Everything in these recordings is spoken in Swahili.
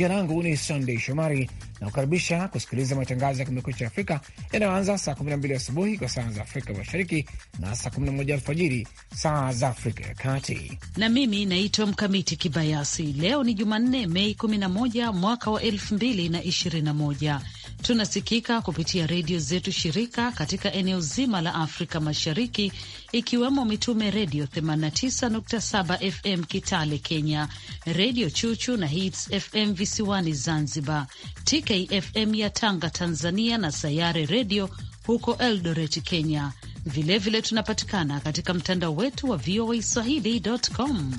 Jina langu ni Sandey Shomari na kukaribisha kusikiliza matangazo ya Kumekucha Afrika yanayoanza saa 12 asubuhi kwa saa za Afrika Mashariki na saa 11 alfajiri saa za Afrika ya Kati. Na mimi naitwa Mkamiti Kibayasi. Leo ni Jumanne, Mei 11 mwaka wa 2021. Tunasikika kupitia redio zetu shirika katika eneo zima la Afrika Mashariki ikiwemo Mitume Redio 89.7 FM Kitale Kenya, Redio Chuchu na Hits FM visiwani Zanzibar, TKFM ya Tanga Tanzania na Sayare Redio huko Eldoret Kenya. Vilevile tunapatikana katika mtandao wetu wa VOA Swahili.com.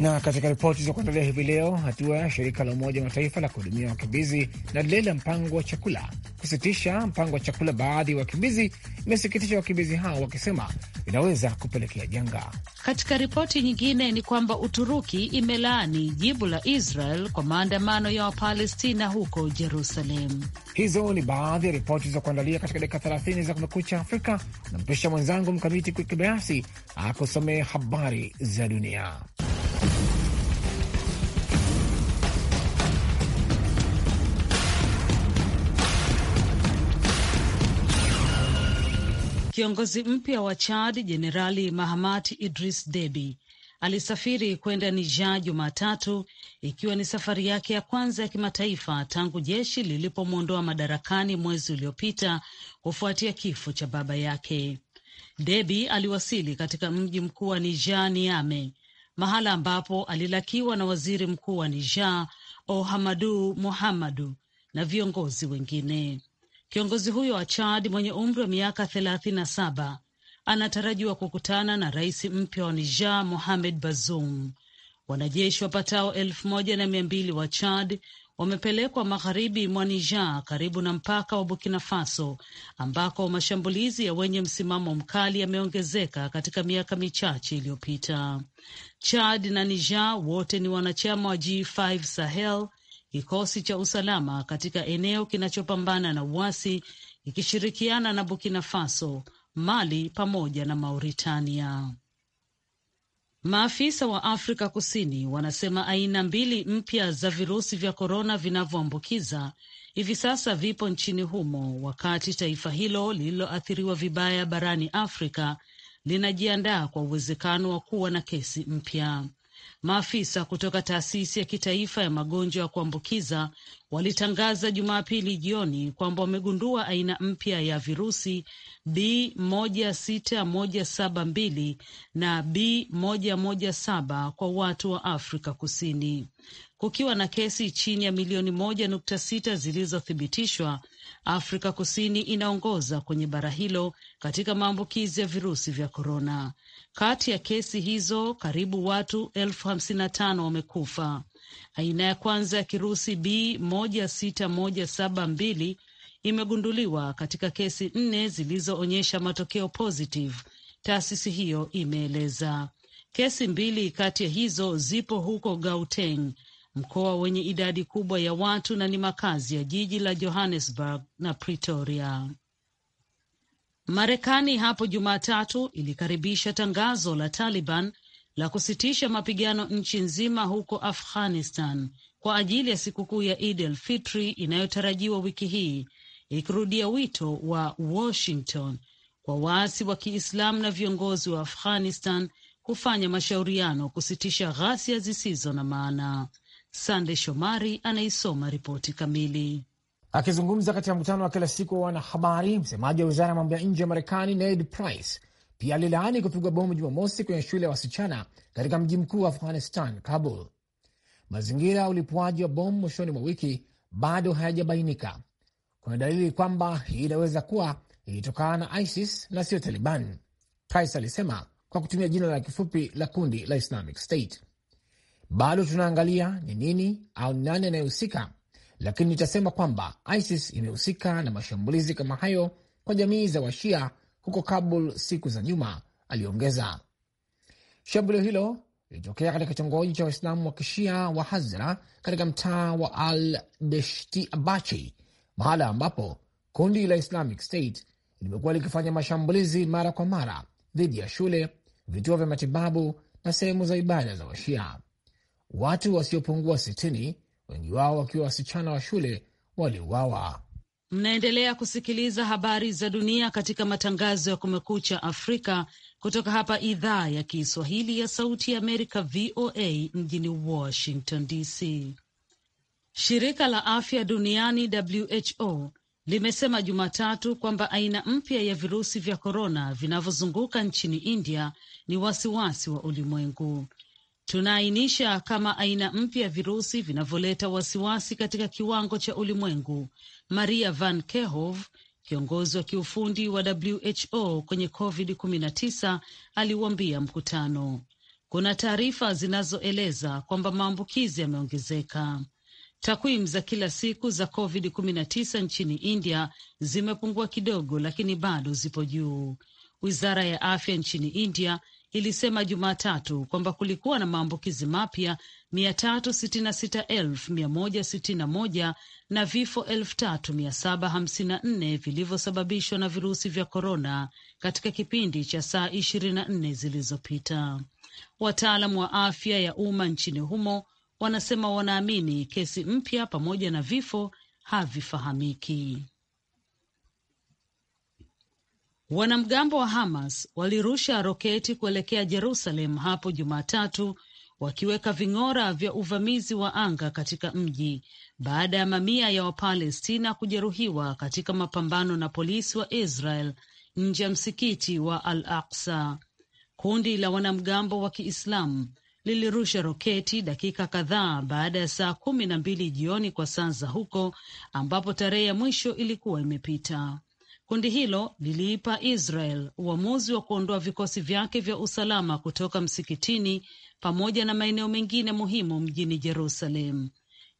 Na katika ripoti za kuandalia hivi leo, hatua ya shirika la Umoja wa Mataifa la kuhudumia wakimbizi na lile la mpango wa chakula kusitisha mpango wa chakula baadhi ya wakimbizi imesikitisha wakimbizi hao wakisema inaweza kupelekea janga. Katika ripoti nyingine ni kwamba Uturuki imelaani jibu la Israel kwa maandamano ya Wapalestina huko Jerusalem. Hizo ni baadhi ya ripoti za kuandalia katika dakika 30 za Kumekucha Afrika. Nampisha mwenzangu Mkamiti Kibayasi akusomee habari za dunia. Kiongozi mpya wa Chad Jenerali Mahamat Idris Debi, alisafiri kwenda Nija Jumatatu, ikiwa ni safari yake ya kwanza ya kimataifa tangu jeshi lilipomwondoa madarakani mwezi uliopita kufuatia kifo cha baba yake. Debi aliwasili katika mji mkuu wa Nija, niame mahala ambapo alilakiwa na waziri mkuu wa Nija Ohamadu Mohamadu na viongozi wengine. Kiongozi huyo wa Chad mwenye umri wa miaka thelathini na saba anatarajiwa kukutana na rais mpya wa Niger Mohamed Bazoum. Wanajeshi wapatao elfu moja na mia mbili wa Chad wamepelekwa magharibi mwa Niger karibu na mpaka wa Burkina Faso ambako mashambulizi ya wenye msimamo mkali yameongezeka katika miaka michache iliyopita. Chad na Niger wote ni wanachama wa G5 Sahel kikosi cha usalama katika eneo kinachopambana na uasi ikishirikiana na Burkina Faso, Mali pamoja na Mauritania. Maafisa wa Afrika Kusini wanasema aina mbili mpya za virusi vya korona vinavyoambukiza hivi sasa vipo nchini humo, wakati taifa hilo lililoathiriwa vibaya barani Afrika linajiandaa kwa uwezekano wa kuwa na kesi mpya. Maafisa kutoka taasisi ya kitaifa ya magonjwa ya kuambukiza walitangaza Jumapili jioni kwamba wamegundua aina mpya ya virusi B16172 na B117 kwa watu wa Afrika Kusini, kukiwa na kesi chini ya milioni moja nukta sita zilizothibitishwa. Afrika Kusini inaongoza kwenye bara hilo katika maambukizi ya virusi vya korona. Kati ya kesi hizo karibu watu elfu hamsini na tano wamekufa. Aina ya kwanza ya kirusi B mbili imegunduliwa katika kesi nne zilizoonyesha matokeo positive, taasisi hiyo imeeleza. Kesi mbili kati ya hizo zipo huko Gauteng mkoa wenye idadi kubwa ya watu na ni makazi ya jiji la Johannesburg na Pretoria. Marekani hapo Jumatatu ilikaribisha tangazo la Taliban la kusitisha mapigano nchi nzima huko Afghanistan kwa ajili ya sikukuu ya Eid Fitri inayotarajiwa wiki hii, ikirudia wito wa Washington kwa waasi wa Kiislamu na viongozi wa Afghanistan kufanya mashauriano kusitisha ghasia zisizo na maana. Sande Shomari anaisoma ripoti kamili. Akizungumza katika mkutano wa kila siku wa wanahabari, msemaji wa wizara ya mambo ya nje ya Marekani Ned Price pia alilaani kupigwa bomu Jumamosi kwenye shule ya wasichana katika mji mkuu wa Afghanistan, Kabul. Mazingira ya ulipuaji wa bomu mwishoni mwa wiki bado hayajabainika. Kuna dalili kwamba hii inaweza kuwa ilitokana na ISIS na siyo Taliban, Price alisema kwa kutumia jina la kifupi la kundi la Islamic State. Bado tunaangalia ni nini au ni nani anayehusika, lakini nitasema kwamba ISIS imehusika na mashambulizi kama hayo kwa jamii za washia huko Kabul siku za nyuma, aliongeza. Shambulio hilo lilitokea katika kitongoji cha Waislamu wa kishia wa Hazra katika mtaa wa Al Deshti Abachi, mahala ambapo kundi la Islamic State limekuwa likifanya mashambulizi mara kwa mara dhidi ya shule, vituo vya matibabu na sehemu za ibada za Washia watu wasiopungua 60 wengi wao wakiwa wasichana wa shule waliuawa. Mnaendelea kusikiliza habari za dunia katika matangazo ya Kumekucha Afrika kutoka hapa idhaa ya Kiswahili ya Sauti ya Amerika, VOA mjini Washington DC. Shirika la Afya Duniani, WHO, limesema Jumatatu kwamba aina mpya ya virusi vya korona vinavyozunguka nchini India ni wasiwasi wa ulimwengu tunaainisha kama aina mpya ya virusi vinavyoleta wasiwasi katika kiwango cha ulimwengu, Maria Van Kerkhove, kiongozi wa kiufundi wa WHO kwenye COVID-19, aliuambia mkutano. Kuna taarifa zinazoeleza kwamba maambukizi yameongezeka. Takwimu za kila siku za COVID-19 nchini India zimepungua kidogo, lakini bado zipo juu. Wizara ya afya nchini India ilisema Jumatatu kwamba kulikuwa na maambukizi mapya 366,161 na vifo 3,754 vilivyosababishwa na virusi vya korona katika kipindi cha saa 24 zilizopita. Wataalam wa afya ya umma nchini humo wanasema wanaamini kesi mpya pamoja na vifo havifahamiki. Wanamgambo wa Hamas walirusha roketi kuelekea Jerusalem hapo Jumatatu, wakiweka ving'ora vya uvamizi wa anga katika mji baada ya mamia ya Wapalestina kujeruhiwa katika mapambano na polisi wa Israel nje ya msikiti wa Al Aksa. Kundi la wanamgambo wa Kiislamu lilirusha roketi dakika kadhaa baada ya saa kumi na mbili jioni kwa saa za huko, ambapo tarehe ya mwisho ilikuwa imepita. Kundi hilo liliipa Israel uamuzi wa kuondoa vikosi vyake vya usalama kutoka msikitini pamoja na maeneo mengine muhimu mjini Jerusalem.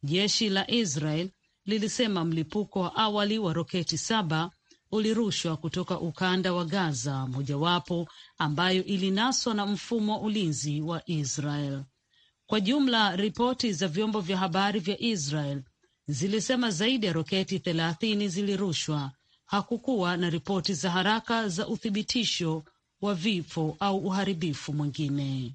Jeshi la Israel lilisema mlipuko wa awali wa roketi saba ulirushwa kutoka ukanda wa Gaza, mojawapo ambayo ilinaswa na mfumo wa ulinzi wa Israel. Kwa jumla, ripoti za vyombo vya habari vya Israel zilisema zaidi ya roketi thelathini zilirushwa hakukuwa na ripoti za haraka za uthibitisho wa vifo au uharibifu mwingine.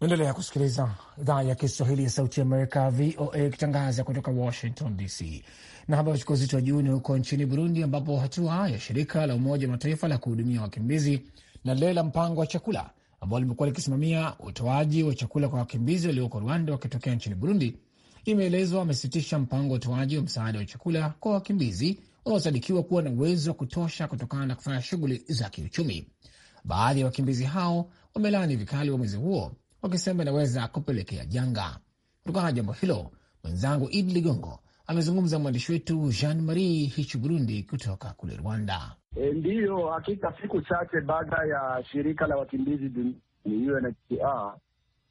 Endelea kusikiliza idhaa ya Kiswahili ya Sauti ya Amerika, VOA, ikitangaza kutoka Washington DC. Na habari uchukua uzito wa juu ni huko nchini Burundi, ambapo hatua ya shirika la Umoja wa Mataifa la kuhudumia wakimbizi na lile la mpango wa chakula ambao limekuwa likisimamia utoaji wa chakula kwa wakimbizi walioko Rwanda wakitokea nchini Burundi imeelezwa amesitisha mpango wa utoaji wa msaada wa chakula kwa wakimbizi wanaosadikiwa kuwa na uwezo wa kutosha kutokana na kufanya shughuli za kiuchumi. Baadhi ya wakimbizi hao wamelaani vikali wa mwezi huo, wakisema inaweza kupelekea janga. Kutokana na jambo hilo, mwenzangu Idi Ligongo amezungumza mwandishi wetu Jean Marie hich Burundi kutoka kule Rwanda. E, ndiyo hakika, siku chache baada ya shirika la wakimbizi duniani UNHCR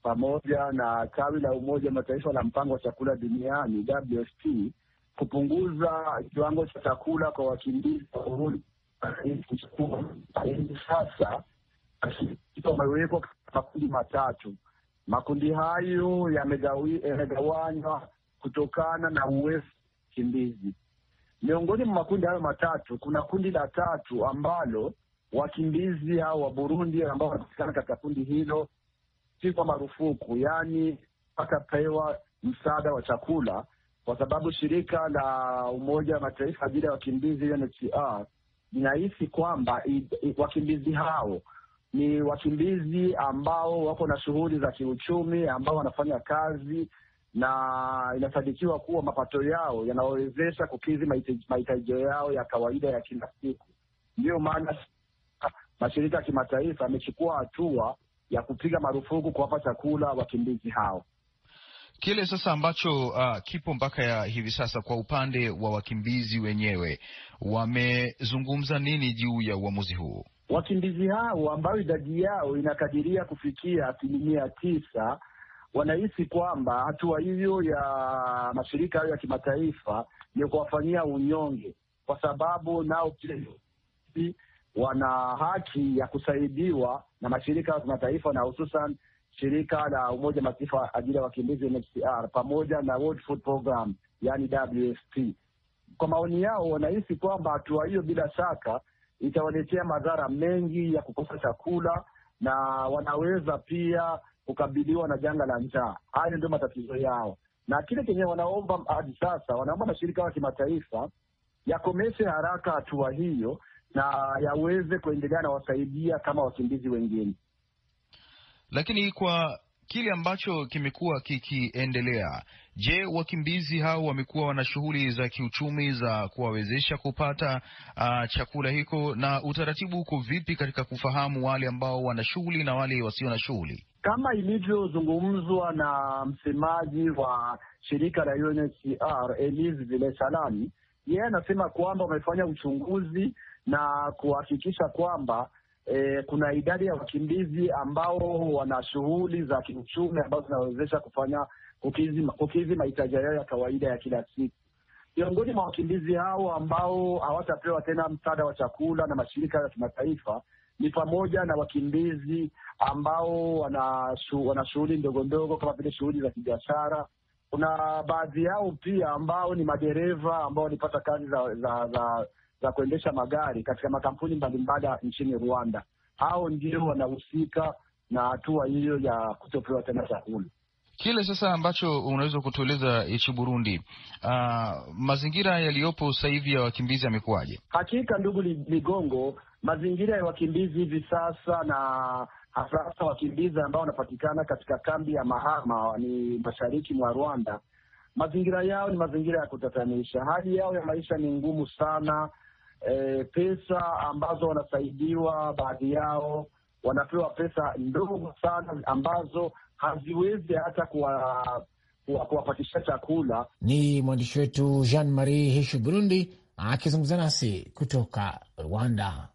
pamoja na tawi la Umoja Mataifa la mpango wa chakula duniani WFP kupunguza kiwango cha chakula kwa wakimbizi sasa wamewekwa makundi matatu. Makundi hayo yamegawanywa kutokana na uwezo wakimbizi. Miongoni mwa makundi hayo matatu, kuna kundi la tatu ambalo wakimbizi hao wa Burundi ambao wanapatikana katika kundi hilo kwa marufuku, yaani watapewa msaada wa chakula, kwa sababu shirika la Umoja wa Mataifa ajili ya wakimbizi UNHCR linahisi kwamba wakimbizi hao ni wakimbizi ambao wako na shughuli za kiuchumi, ambao wanafanya kazi na inasadikiwa kuwa mapato yao yanawawezesha kukidhi mahitaji yao ya kawaida ya kila siku. Ndiyo maana mashirika ya kimataifa yamechukua hatua ya kupiga marufuku kuwapa chakula wakimbizi hao. Kile sasa ambacho uh, kipo mpaka ya hivi sasa kwa upande wa wakimbizi wenyewe, wamezungumza nini juu ya uamuzi huo Wakimbizi hao ambayo idadi yao inakadiria kufikia asilimia tisa wanahisi kwamba hatua hiyo ya mashirika hayo ya kimataifa ni kuwafanyia unyonge, kwa sababu nao wana haki ya kusaidiwa na mashirika ya kimataifa na hususan shirika la Umoja Mataifa ajili ya wakimbizi UNHCR pamoja na World Food Program, yani WFP. Kwa maoni yao, wanahisi kwamba hatua hiyo bila shaka itawaletea madhara mengi ya kukosa chakula na wanaweza pia kukabiliwa na janga la njaa. Hayo ndio matatizo yao, na kile chenye wanaomba hadi sasa, wanaomba mashirika ya kimataifa yakomeshe haraka hatua hiyo na yaweze kuendelea na wasaidia kama wakimbizi wengine. Lakini kwa kile ambacho kimekuwa kikiendelea Je, wakimbizi hao wamekuwa wana shughuli za kiuchumi za kuwawezesha kupata uh, chakula hiko, na utaratibu uko vipi katika kufahamu wale ambao wana shughuli na wale wasio na shughuli? Kama ilivyozungumzwa na msemaji wa shirika la UNHCR Elise Vile Salami, yeye anasema kwamba wamefanya uchunguzi na kuhakikisha kwamba E, kuna idadi ya wakimbizi ambao wana shughuli za kiuchumi ambazo zinawezesha kufanya kukizi mahitaji yao ya kawaida ya kila siku. Miongoni mwa wakimbizi hao ambao hawatapewa tena msaada wa chakula na mashirika ya kimataifa ni pamoja na wakimbizi ambao wana shughuli ndogo ndogo kama vile shughuli za kibiashara. Kuna baadhi yao pia ambao ni madereva ambao walipata kazi za, za, za, za kuendesha magari katika makampuni mbalimbali nchini Rwanda. Hao ndio wanahusika na hatua hiyo ya kutopewa tena chakula. Kile sasa ambacho unaweza kutueleza hichi Burundi, uh, mazingira yaliyopo sasa hivi ya wakimbizi yamekuwaje? Hakika ndugu Ligongo, mazingira ya wakimbizi hivi sasa na hasa wakimbizi ambao wanapatikana katika kambi ya Mahama ni mashariki mwa Rwanda, mazingira yao ni mazingira ya kutatanisha. Hali yao ya maisha ni ngumu sana. E, pesa ambazo wanasaidiwa, baadhi yao wanapewa pesa ndogo sana ambazo haziwezi hata kuwapatisha chakula. Ni mwandishi wetu Jean Marie Hishu Burundi akizungumza nasi kutoka Rwanda.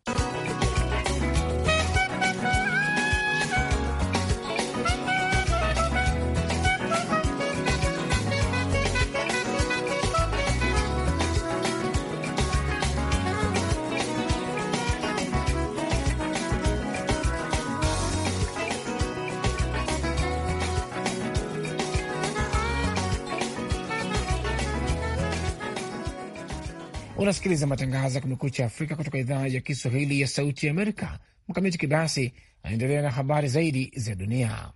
Unasikiliza matangazo ya Kumekucha Afrika kutoka idhaa ya Kiswahili ya Sauti Amerika. Mkamiti Kibayasi anaendelea na habari zaidi za dunia.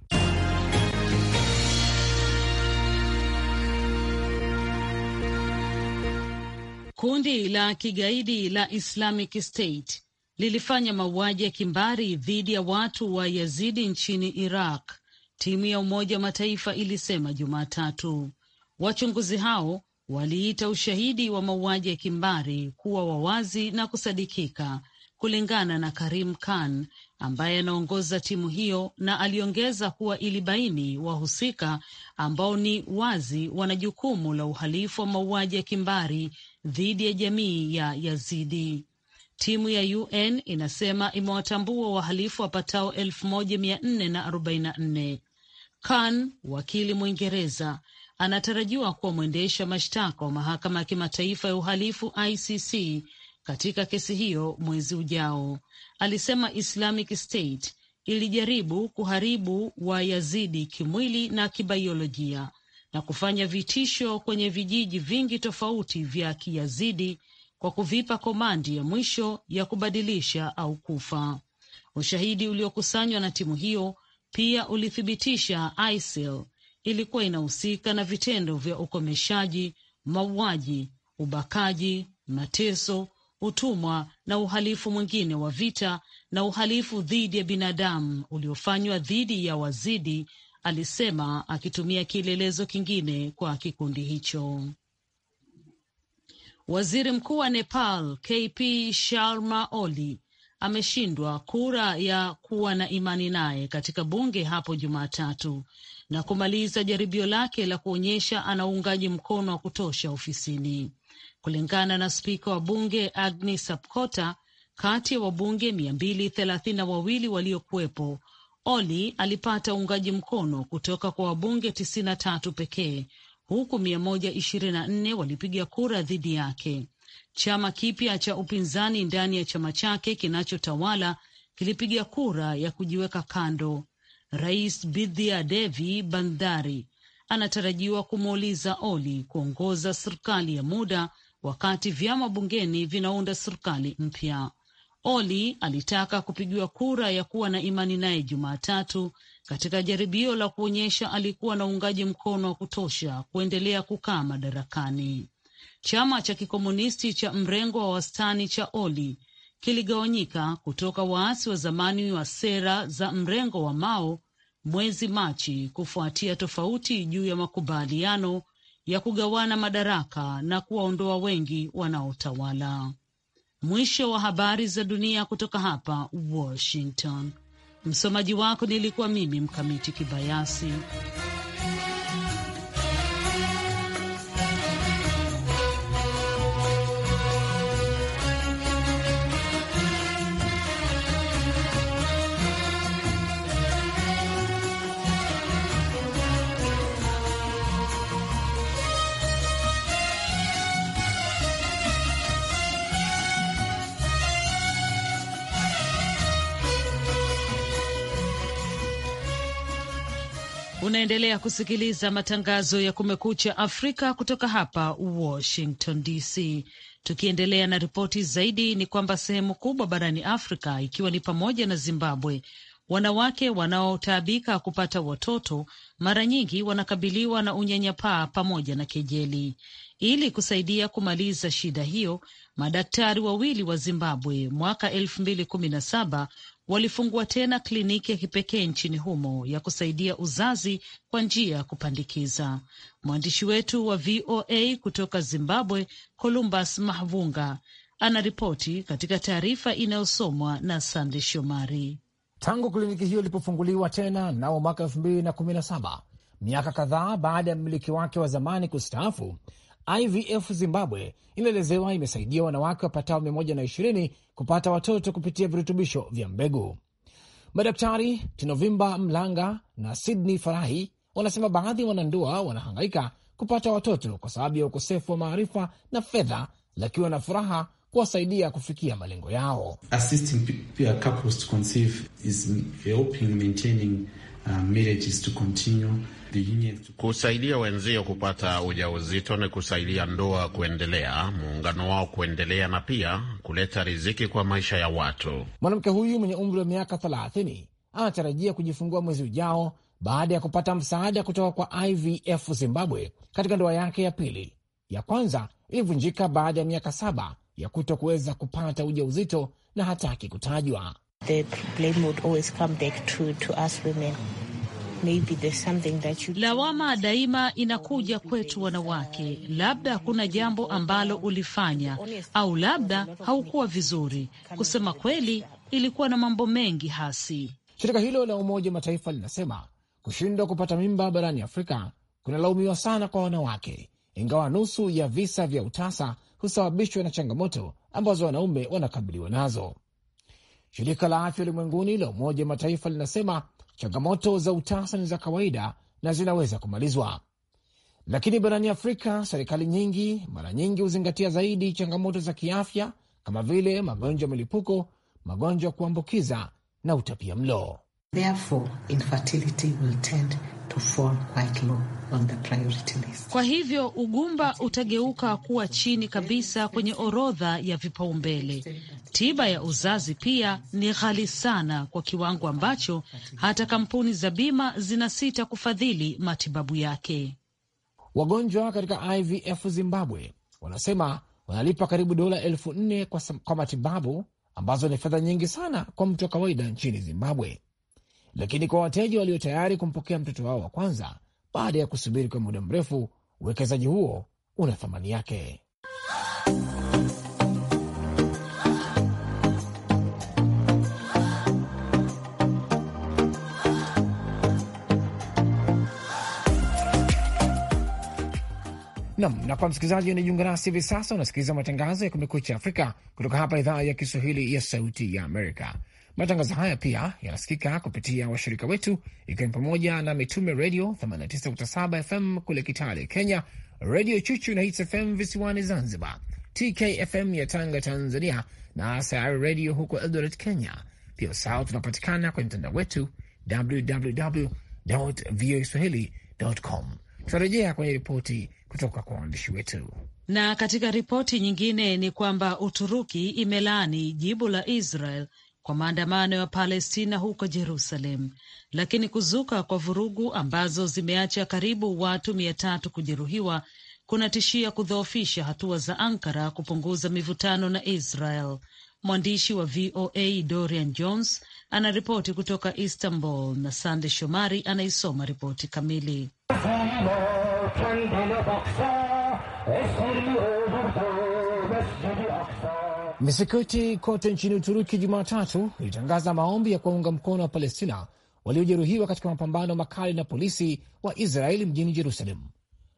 Kundi la kigaidi la Islamic State lilifanya mauaji ya kimbari dhidi ya watu wa Yazidi nchini Iraq, timu ya Umoja wa Mataifa ilisema Jumatatu. Wachunguzi hao waliita ushahidi wa mauaji ya kimbari kuwa wa wazi na kusadikika, kulingana na Karim Khan ambaye anaongoza timu hiyo, na aliongeza kuwa ilibaini wahusika ambao ni wazi wana jukumu la uhalifu wa mauaji ya kimbari dhidi ya jamii ya Yazidi. Timu ya UN inasema imewatambua wahalifu wapatao elfu moja mia nne na arobaini na nne Khan, wakili Mwingereza, anatarajiwa kuwa mwendesha mashtaka wa mahakama ya kimataifa ya uhalifu ICC katika kesi hiyo mwezi ujao. Alisema Islamic State ilijaribu kuharibu Wayazidi kimwili na kibaiolojia na kufanya vitisho kwenye vijiji vingi tofauti vya Kiyazidi kwa kuvipa komandi ya mwisho ya kubadilisha au kufa. Ushahidi uliokusanywa na timu hiyo pia ulithibitisha ISIL ilikuwa inahusika na vitendo vya ukomeshaji, mauaji, ubakaji, mateso, utumwa na uhalifu mwingine wa vita na uhalifu dhidi ya binadamu uliofanywa dhidi ya Wazidi, alisema akitumia kielelezo kingine kwa kikundi hicho. Waziri Mkuu wa Nepal KP Sharma Oli ameshindwa kura ya kuwa na imani naye katika bunge hapo Jumatatu na kumaliza jaribio lake la kuonyesha ana uungaji mkono wa kutosha ofisini. Kulingana na spika wa bunge Agni Sapkota, kati ya wabunge mia mbili thelathini na wawili waliokuwepo, Oli alipata uungaji mkono kutoka kwa wabunge tisini na tatu pekee huku mia moja ishirini na nne walipiga kura dhidi yake. Chama kipya cha upinzani ndani ya chama chake kinachotawala kilipiga kura ya kujiweka kando. Rais Bidhia Devi bandhari anatarajiwa kumuuliza Oli kuongoza serikali ya muda wakati vyama bungeni vinaunda serikali mpya. Oli alitaka kupigiwa kura ya kuwa na imani naye Jumatatu katika jaribio la kuonyesha alikuwa na uungaji mkono wa kutosha kuendelea kukaa madarakani. Chama cha kikomunisti cha mrengo wa wastani cha Oli kiligawanyika kutoka waasi wa zamani wa sera za mrengo wa Mao mwezi Machi kufuatia tofauti juu ya makubaliano ya kugawana madaraka na kuwaondoa wengi wanaotawala. Mwisho wa habari za dunia kutoka hapa Washington. Msomaji wako nilikuwa mimi Mkamiti Kibayasi. Unaendelea kusikiliza matangazo ya Kumekucha Afrika kutoka hapa Washington DC. Tukiendelea na ripoti zaidi, ni kwamba sehemu kubwa barani Afrika ikiwa ni pamoja na Zimbabwe, wanawake wanaotaabika kupata watoto mara nyingi wanakabiliwa na unyanyapaa pamoja na kejeli. Ili kusaidia kumaliza shida hiyo, madaktari wawili wa Zimbabwe mwaka elfu mbili kumi na saba walifungua tena kliniki ya kipekee nchini humo ya kusaidia uzazi kwa njia ya kupandikiza. Mwandishi wetu wa VOA kutoka Zimbabwe, Columbus Mahvunga, anaripoti katika taarifa inayosomwa na Sande Shomari. Tangu kliniki hiyo ilipofunguliwa tena nao mwaka elfu mbili na kumi na saba, miaka kadhaa baada ya mmiliki wake wa zamani kustaafu, IVF Zimbabwe inaelezewa imesaidia wanawake wapatao 120 kupata watoto kupitia virutubisho vya mbegu. Madaktari Tinovimba Mlanga na Sydney Farahi wanasema baadhi ya wanandoa wanahangaika kupata watoto kwa sababu ya ukosefu wa maarifa na fedha, lakini wana furaha kuwasaidia kufikia malengo yao. Kusaidia wenzio kupata ujauzito ni kusaidia ndoa kuendelea, muungano wao kuendelea, na pia kuleta riziki kwa maisha ya watu. Mwanamke huyu mwenye umri wa miaka 30 anatarajia kujifungua mwezi ujao baada ya kupata msaada kutoka kwa IVF Zimbabwe katika ndoa yake ya pili. Ya kwanza ilivunjika baada ya miaka saba ya kuto kuweza kupata uja uzito na hataki kutajwa. The blame would always come back to, to us women lawama daima inakuja kwetu wanawake. Labda kuna jambo ambalo ulifanya, au labda haukuwa vizuri. Kusema kweli, ilikuwa na mambo mengi hasi. Shirika hilo la Umoja Mataifa linasema kushindwa kupata mimba barani Afrika kunalaumiwa sana kwa wanawake, ingawa nusu ya visa vya utasa husababishwa na changamoto ambazo wanaume wanakabiliwa nazo. Shirika la Afya Ulimwenguni la Umoja Mataifa linasema Changamoto za utasa ni za kawaida na zinaweza kumalizwa, lakini barani Afrika serikali nyingi mara nyingi huzingatia zaidi changamoto za kiafya kama vile magonjwa ya milipuko, magonjwa ya kuambukiza na utapia mlo. Therefore, infertility will tend to fall quite low on the priority list. Kwa hivyo ugumba utageuka kuwa chini kabisa kwenye orodha ya vipaumbele. Tiba ya uzazi pia ni ghali sana kwa kiwango ambacho hata kampuni za bima zinasita kufadhili matibabu yake. Wagonjwa katika IVF Zimbabwe wanasema wanalipa karibu dola elfu nne kwa, kwa matibabu ambazo ni fedha nyingi sana kwa mtu wa kawaida nchini Zimbabwe, lakini kwa wateja walio tayari kumpokea mtoto wao wa kwanza baada ya kusubiri kwa muda mrefu, uwekezaji huo una thamani yake. Nam na kwa msikilizaji unajiunga nasi hivi sasa, unasikiliza matangazo ya Kumekucha Afrika kutoka hapa idhaa ya Kiswahili ya Sauti ya Amerika. Matangazo haya pia yanasikika kupitia washirika wetu ikiwa ni pamoja na Mitume Redio 89.7 FM kule Kitale, Kenya, Redio Chuchu na Hits FM visiwani Zanzibar, TKFM ya Tanga, Tanzania, na Sayari Redio huko Eldoret, Kenya. Pia usahau, tunapatikana kwenye mtandao wetu www voa swahilicom. Tutarejea kwenye ripoti kutoka kwa waandishi wetu. Na katika ripoti nyingine ni kwamba Uturuki imelaani jibu la Israel kwa maandamano ya Palestina huko Jerusalem, lakini kuzuka kwa vurugu ambazo zimeacha karibu watu mia tatu kujeruhiwa kunatishia kudhoofisha hatua za Ankara kupunguza mivutano na Israel. Mwandishi wa VOA Dorian Jones anaripoti kutoka Istanbul na Sande Shomari anaisoma ripoti kamili. Misikiti kote nchini Uturuki Jumatatu ilitangaza maombi ya kuwaunga mkono wa Palestina waliojeruhiwa katika mapambano makali na polisi wa Israeli mjini Jerusalem.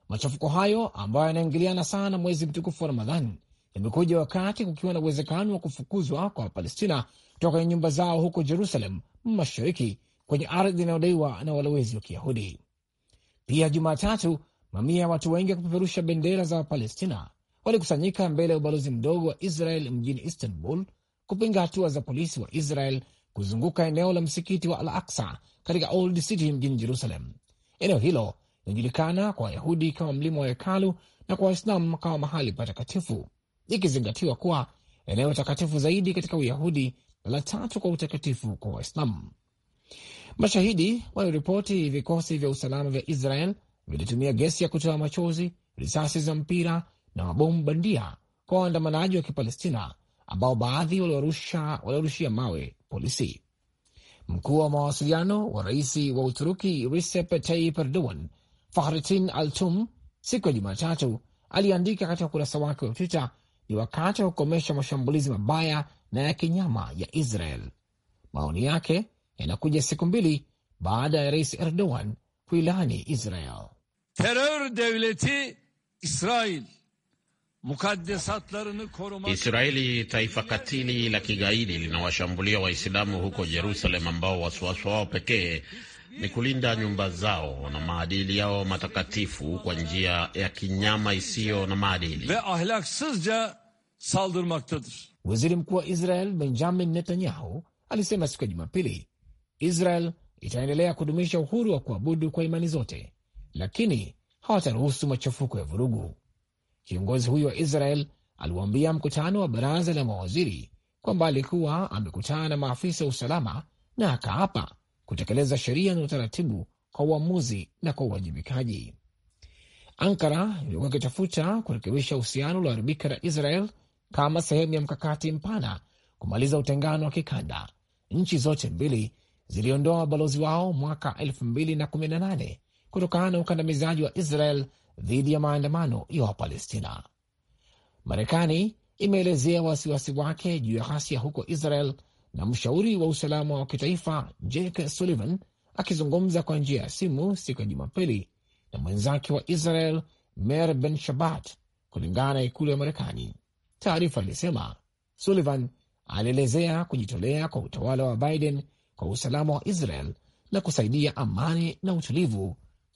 Machafuko hayo ambayo yanaingiliana sana mwezi mtukufu wa Ramadhan yamekuja wakati kukiwa na uwezekano wa kufukuzwa kwa Wapalestina kutoka kwenye nyumba zao huko Jerusalem Mashariki, kwenye ardhi inayodaiwa na walowezi wa Kiyahudi. Pia Jumatatu, mamia ya watu wengi kupeperusha bendera za Wapalestina walikusanyika mbele ya ubalozi mdogo wa Israel mjini Istanbul kupinga hatua za polisi wa Israel kuzunguka eneo la msikiti wa Al Aksa katika Old City mjini Jerusalem. Eneo hilo linajulikana kwa Wayahudi kama mlima wa hekalu na kwa waislam kama mahali patakatifu, ikizingatiwa kuwa eneo takatifu zaidi katika Uyahudi na la tatu kwa utakatifu kwa waislam Mashahidi waliripoti vikosi vya usalama vya Israel vilitumia gesi ya kutoa machozi, risasi za mpira na mabomu bandia kwa waandamanaji wa Kipalestina ambao baadhi waliwarushia mawe polisi. Mkuu wa mawasiliano wa rais wa Uturuki Recep Tayyip Erdogan, Fahrettin Altum, siku ya Jumatatu aliandika katika ukurasa wake wa Twitter, ni wakati wa kukomesha mashambulizi mabaya na ya kinyama ya Israel. Maoni yake yanakuja siku mbili baada ya rais Erdogan kuilani Israel Terror devleti Israel Israeli, taifa katili la kigaidi, linawashambulia Waislamu huko Jerusalem ambao wasiwasi wao pekee ni kulinda nyumba zao na maadili yao matakatifu kwa njia ya kinyama isiyo na maadili. Waziri Mkuu wa Israel Benjamin Netanyahu alisema siku ya Jumapili, Israel itaendelea kudumisha uhuru wa kuabudu kwa imani zote, lakini hawataruhusu machafuko ya vurugu. Kiongozi huyo wa Israel aliwaambia mkutano wa baraza la mawaziri kwamba alikuwa amekutana na maafisa wa usalama na akaapa kutekeleza sheria na utaratibu kwa uamuzi na kwa uwajibikaji. Ankara imekuwa ikitafuta kurekebisha uhusiano ulioharibika na Israel kama sehemu ya mkakati mpana kumaliza utengano wa kikanda. Nchi zote mbili ziliondoa wabalozi wao mwaka 2018 kutokana na ukandamizaji wa Israel dhidi ya maandamano ya Wapalestina. Marekani imeelezea wasiwasi wake juu ya ghasia huko Israel, na mshauri wa usalama wa kitaifa Jake Sullivan akizungumza kwa njia ya simu siku ya Jumapili na mwenzake wa Israel mer Ben Shabat, kulingana na ikulu ya Marekani. Taarifa ilisema Sullivan alielezea kujitolea kwa utawala wa Biden kwa usalama wa Israel na kusaidia amani na utulivu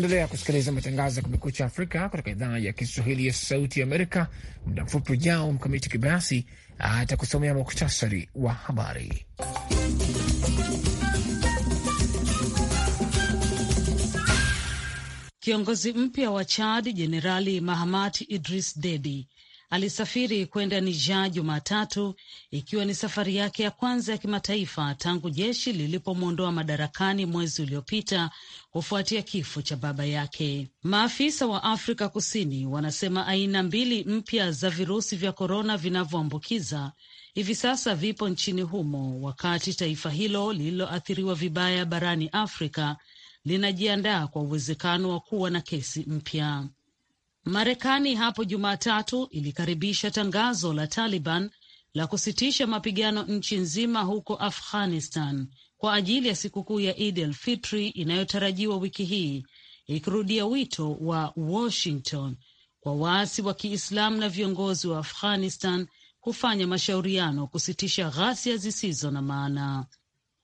Endelea kusikiliza matangazo ya Kumekucha Afrika kutoka idhaa ya Kiswahili ya Sauti ya Amerika. Muda mfupi ujao, Mkamiti Kibayasi atakusomea muktasari wa habari. Kiongozi mpya wa Chad Jenerali Mahamat Idris dedi alisafiri kwenda Niger Jumatatu, ikiwa ni safari yake ya kwanza ya kimataifa tangu jeshi lilipomwondoa madarakani mwezi uliopita kufuatia kifo cha baba yake. Maafisa wa Afrika Kusini wanasema aina mbili mpya za virusi vya korona vinavyoambukiza hivi sasa vipo nchini humo, wakati taifa hilo lililoathiriwa vibaya barani Afrika linajiandaa kwa uwezekano wa kuwa na kesi mpya. Marekani hapo Jumatatu ilikaribisha tangazo la Taliban la kusitisha mapigano nchi nzima huko Afghanistan kwa ajili ya sikukuu ya Id el Fitri inayotarajiwa wiki hii, ikirudia wito wa Washington kwa waasi wa Kiislamu na viongozi wa Afghanistan kufanya mashauriano kusitisha ghasia zisizo na maana.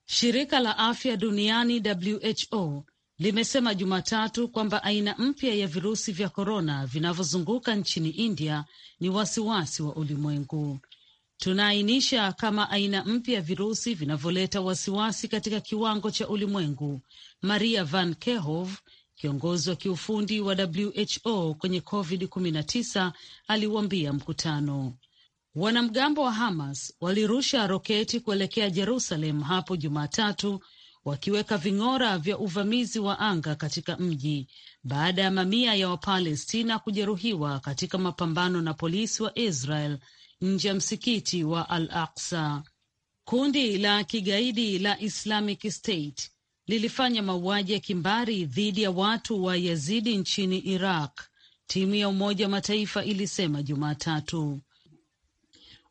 Shirika la afya duniani WHO limesema Jumatatu kwamba aina mpya ya virusi vya korona vinavyozunguka nchini India ni wasiwasi wa ulimwengu. Tunaainisha kama aina mpya ya virusi vinavyoleta wasiwasi katika kiwango cha ulimwengu, Maria Van Kerkhove, kiongozi wa kiufundi wa WHO kwenye COVID-19, aliuambia mkutano. Wanamgambo wa Hamas walirusha roketi kuelekea Jerusalem hapo Jumatatu wakiweka ving'ora vya uvamizi wa anga katika mji baada ya mamia ya Wapalestina kujeruhiwa katika mapambano na polisi wa Israel nje ya msikiti wa Al aqsa Kundi la kigaidi la Islamic State lilifanya mauaji ya kimbari dhidi ya watu wa Yazidi nchini Iraq, timu ya Umoja wa Mataifa ilisema Jumatatu.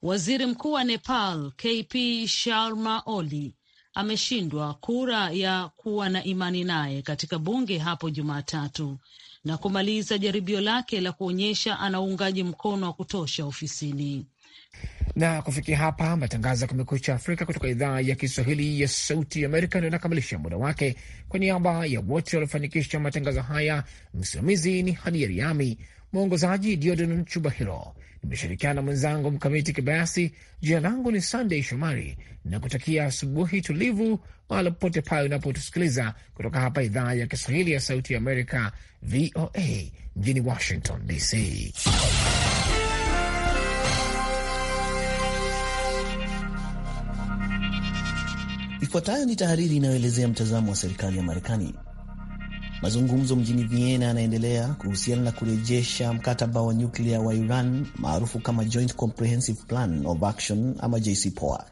Waziri Mkuu wa Nepal KP Sharma Oli ameshindwa kura ya kuwa na imani naye katika bunge hapo Jumatatu na kumaliza jaribio lake la kuonyesha ana uungaji mkono wa kutosha ofisini. Na kufikia hapa, matangazo ya Kumekucha Afrika kutoka idhaa ya Kiswahili ya Sauti Amerika ndio inakamilisha muda wake. Kwa niaba ya wote waliofanikisha matangazo haya, msimamizi ni Hadi Yariami, mwongozaji Diodon Chubahiro. Nimeshirikiana mwenzangu Mkamiti Kibayasi. Jina langu ni Sandey Shomari na kutakia asubuhi tulivu mahala popote pale unapotusikiliza kutoka hapa idhaa ya Kiswahili ya Sauti ya Amerika, VOA mjini Washington DC. Ifuatayo ni tahariri inayoelezea mtazamo wa serikali ya Marekani. Mazungumzo mjini Vienna yanaendelea kuhusiana na kurejesha mkataba wa nyuklia wa Iran maarufu kama Joint Comprehensive Plan of Action ama JCPOA.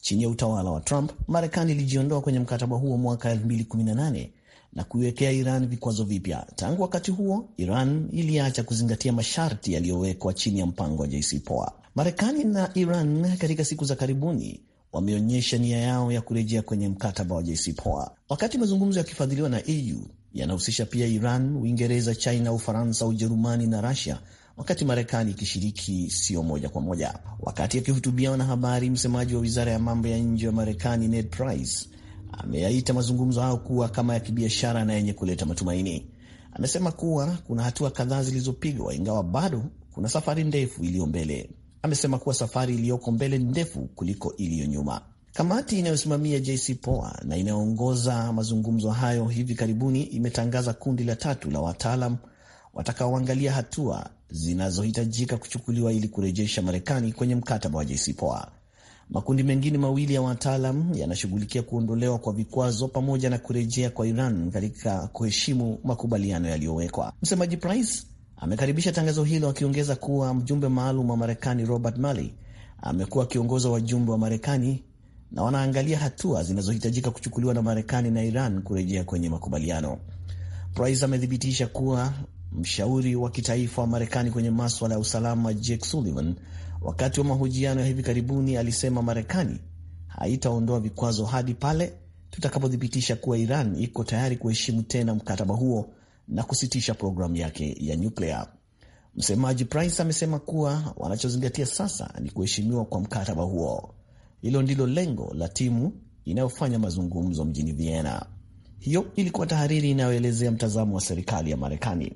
Chini ya utawala wa Trump, Marekani ilijiondoa kwenye mkataba huo mwaka 2018 na kuiwekea Iran vikwazo vipya. Tangu wakati huo, Iran iliacha kuzingatia masharti yaliyowekwa chini ya mpango wa JCPOA. Marekani na Iran katika siku za karibuni wameonyesha nia yao ya kurejea kwenye mkataba wa JCPOA. Wakati mazungumzo yakifadhiliwa na EU, yanahusisha pia Iran, Uingereza, China, Ufaransa, Ujerumani na Rusia, wakati Marekani ikishiriki sio moja kwa moja. Wakati akihutubia wanahabari, msemaji wa wizara ya mambo ya nje wa Marekani Ned Price ameyaita mazungumzo hayo kuwa kama ya kibiashara na yenye kuleta matumaini. Amesema kuwa kuna hatua kadhaa zilizopigwa, ingawa bado kuna safari ndefu iliyo mbele. Amesema kuwa safari iliyoko mbele ni ndefu kuliko iliyo nyuma. Kamati inayosimamia JCPOA na inayoongoza mazungumzo hayo hivi karibuni imetangaza kundi la tatu la wataalam watakaoangalia hatua zinazohitajika kuchukuliwa ili kurejesha Marekani kwenye mkataba wa JCPOA. Makundi mengine mawili ya wataalam yanashughulikia kuondolewa kwa vikwazo pamoja na kurejea kwa Iran katika kuheshimu makubaliano yaliyowekwa. Msemaji Price amekaribisha tangazo hilo akiongeza kuwa mjumbe maalum wa Marekani Robert Malley amekuwa akiongoza wajumbe wa Marekani na wanaangalia hatua zinazohitajika kuchukuliwa na Marekani na Iran kurejea kwenye makubaliano. Price amethibitisha kuwa mshauri wa kitaifa wa Marekani kwenye maswala ya usalama Jake Sullivan, wakati wa mahojiano ya hivi karibuni, alisema Marekani haitaondoa vikwazo hadi pale tutakapothibitisha kuwa Iran iko tayari kuheshimu tena mkataba huo na kusitisha programu yake ya nyuklea. Msemaji Price amesema kuwa wanachozingatia sasa ni kuheshimiwa kwa mkataba huo. Hilo ndilo lengo la timu inayofanya mazungumzo mjini Vienna. Hiyo ilikuwa tahariri inayoelezea mtazamo wa serikali ya Marekani.